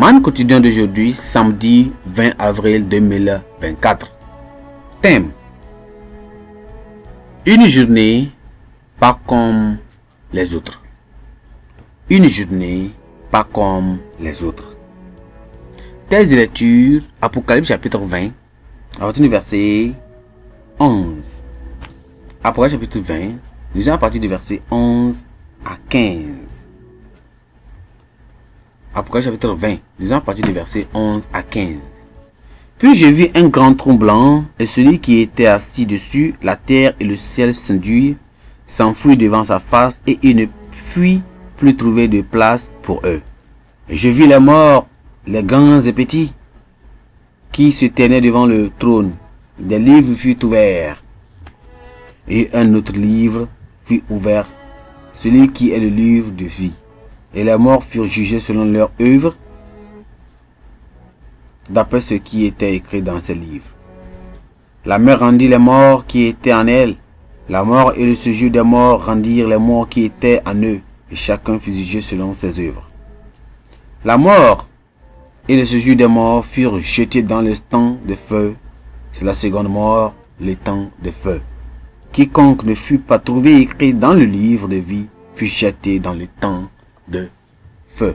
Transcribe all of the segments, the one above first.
Man quotidien d'aujourd'hui, samedi 20 avril 2024. Thème Une journée pas comme les autres. Une journée pas comme les autres. Thèse de lecture, Apocalypse chapitre 20, à partir du verset 11. Apocalypse chapitre 20, nous allons partir du verset 11 à 15. Apocalypse chapitre 20, Nous à partir du verset 11 à 15. Puis je vis un grand tronc blanc, et celui qui était assis dessus, la terre et le ciel s'induient, s'enfuit devant sa face, et il ne puis plus trouver de place pour eux. je vis les morts, les grands et petits, qui se tenaient devant le trône. Des livres furent ouverts, et un autre livre fut ouvert, celui qui est le livre de vie et les morts furent jugés selon leurs œuvres, d'après ce qui était écrit dans ce livre. La mer rendit les morts qui étaient en elle. La mort et le séjour des morts rendirent les morts qui étaient en eux, et chacun fut jugé selon ses œuvres. La mort et le séjour des morts furent jetés dans le temps de feu. C'est la seconde mort, le temps de feu. Quiconque ne fut pas trouvé écrit dans le livre de vie fut jeté dans le temps feu.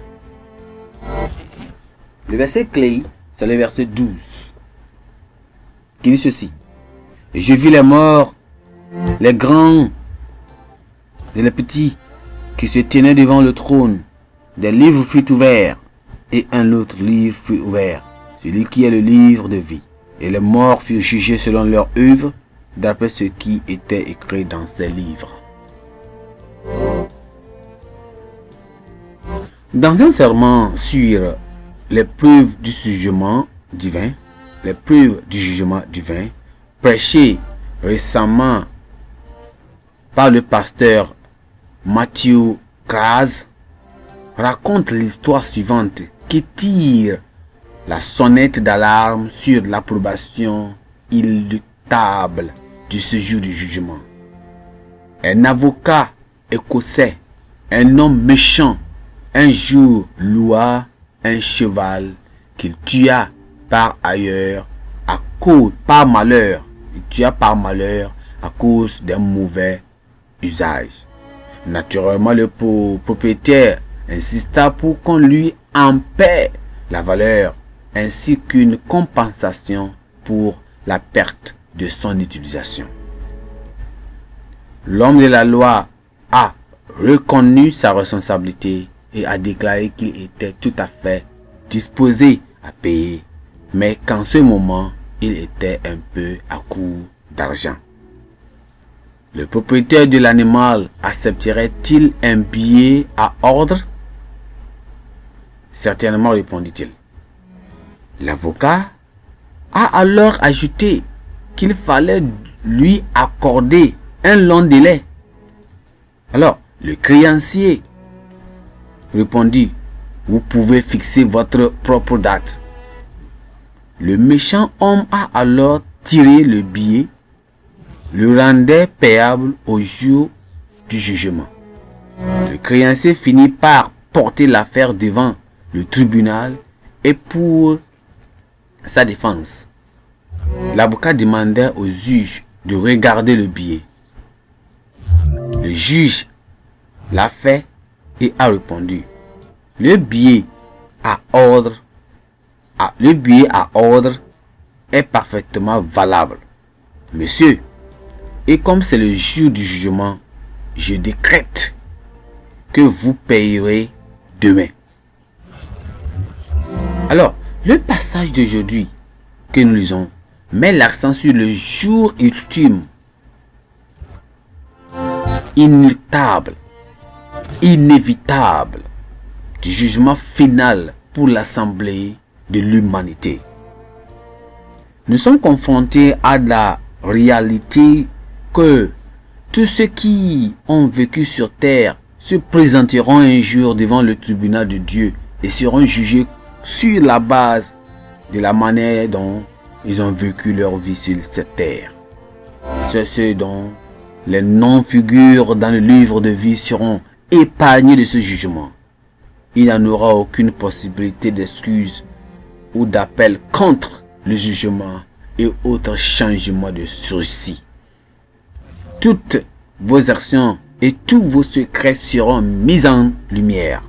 Le verset clé, c'est le verset 12, qui dit ceci. Je vis les morts, les grands et les petits, qui se tenaient devant le trône. Des livres furent ouverts, et un autre livre fut ouvert, celui qui est le livre de vie. Et les morts furent jugés selon leur œuvre, d'après ce qui était écrit dans ces livres. Dans un serment sur les preuves du jugement divin, les du jugement divin, prêché récemment par le pasteur Matthew Kras, raconte l'histoire suivante qui tire la sonnette d'alarme sur l'approbation illutable du séjour du jugement. Un avocat écossais, un homme méchant, un jour loua un cheval qu'il tua par ailleurs à cause, par malheur, il tua par malheur à cause d'un mauvais usage. Naturellement, le propriétaire insista pour qu'on lui en paie la valeur ainsi qu'une compensation pour la perte de son utilisation. L'homme de la loi a reconnu sa responsabilité a déclaré qu'il était tout à fait disposé à payer, mais qu'en ce moment, il était un peu à court d'argent. Le propriétaire de l'animal accepterait-il un billet à ordre Certainement, répondit-il. L'avocat a alors ajouté qu'il fallait lui accorder un long délai. Alors, le créancier répondit, vous pouvez fixer votre propre date. Le méchant homme a alors tiré le billet, le rendait payable au jour du jugement. Le créancier finit par porter l'affaire devant le tribunal et pour sa défense. L'avocat demandait au juge de regarder le billet. Le juge l'a fait et a répondu le billet à ordre le billet à ordre est parfaitement valable monsieur et comme c'est le jour du jugement je décrète que vous payerez demain alors le passage d'aujourd'hui que nous lisons met l'accent sur le jour ultime inéluctable inévitable du jugement final pour l'Assemblée de l'humanité. Nous sommes confrontés à la réalité que tous ceux qui ont vécu sur terre se présenteront un jour devant le tribunal de Dieu et seront jugés sur la base de la manière dont ils ont vécu leur vie sur cette terre. C'est ce dont les noms figurent dans le livre de vie seront épargné de ce jugement. Il n'en aura aucune possibilité d'excuse ou d'appel contre le jugement et autres changements de sursis. Toutes vos actions et tous vos secrets seront mis en lumière.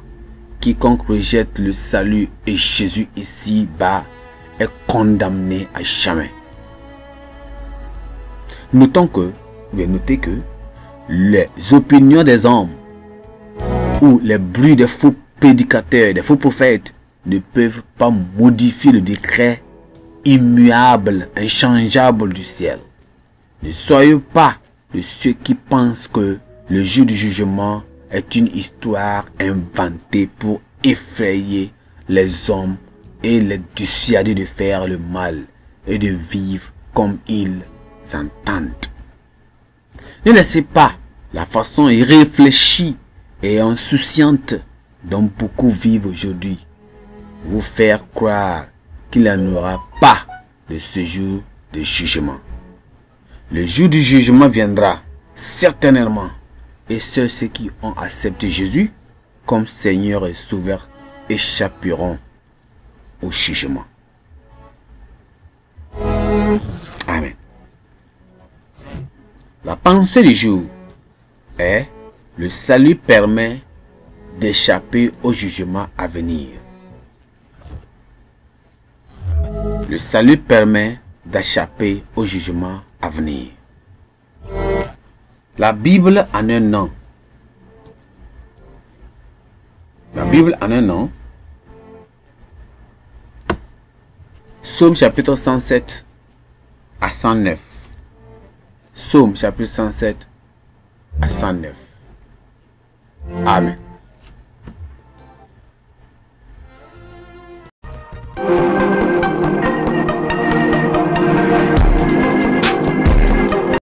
Quiconque rejette le salut et Jésus ici-bas est condamné à jamais. Notons que, vous noter que, les opinions des hommes où les bruits des faux prédicateurs, des faux prophètes ne peuvent pas modifier le décret immuable, inchangeable du ciel. Ne soyez pas de ceux qui pensent que le jour du jugement est une histoire inventée pour effrayer les hommes et les dissuader de faire le mal et de vivre comme ils s'entendent. Ne laissez pas la façon irréfléchie et insouciante dont beaucoup vivent aujourd'hui, vous faire croire qu'il n'y en aura pas de ce jour de jugement. Le jour du jugement viendra, certainement, et ceux qui ont accepté Jésus comme Seigneur et Sauveur échapperont au jugement. Amen. La pensée du jour est le salut permet d'échapper au jugement à venir. Le salut permet d'échapper au jugement à venir. La Bible en un an. La Bible en un an. Somme chapitre 107 à 109. Somme chapitre 107 à 109. Amém.